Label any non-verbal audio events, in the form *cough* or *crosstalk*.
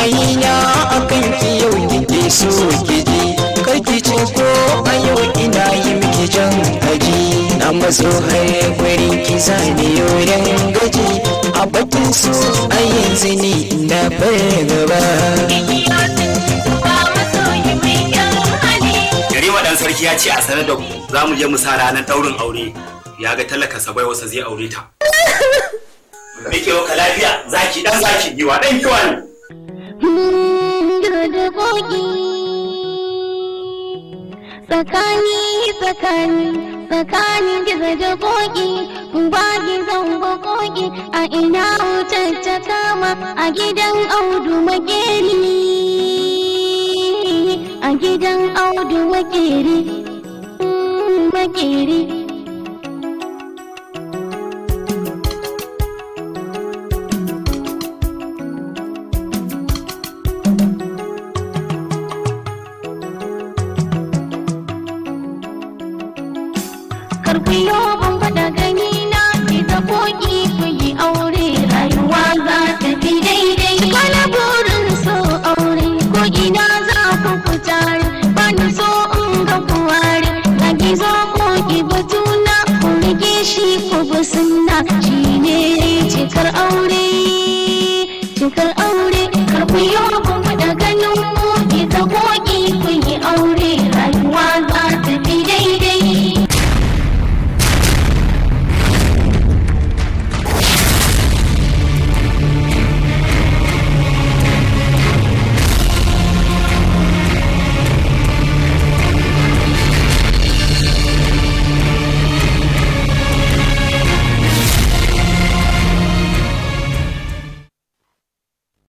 ayinya akan ki yau yake so kiji karki ce ko a yau ina yi miki jan haji na matso har gurin ki zane yoren gaji a bakin su a yanzu ne na fargaba Yarima dan sarki ya ce a sanar da ku za mu je mu sa ranar daurin aure ya ga talaka sabai wasa zai aure ta. *laughs* Mike ka lafiya zaki ɗan zaki giwa ɗan kiwa ne. da koki tsakani tsakani tsakani gizo da koki gizon zango a ina wutar ta kama a gidan audu makeri a gidan audu makeri makeri karku yobin gwada gani na ki zako ki aure rayuwa za ta fi daidai ki kwana burin so aure ko ina za ku ku tare ba in ga ku ware na ki zo ko ki batuna ku rike shi ku bi shi ne cikar cikar aure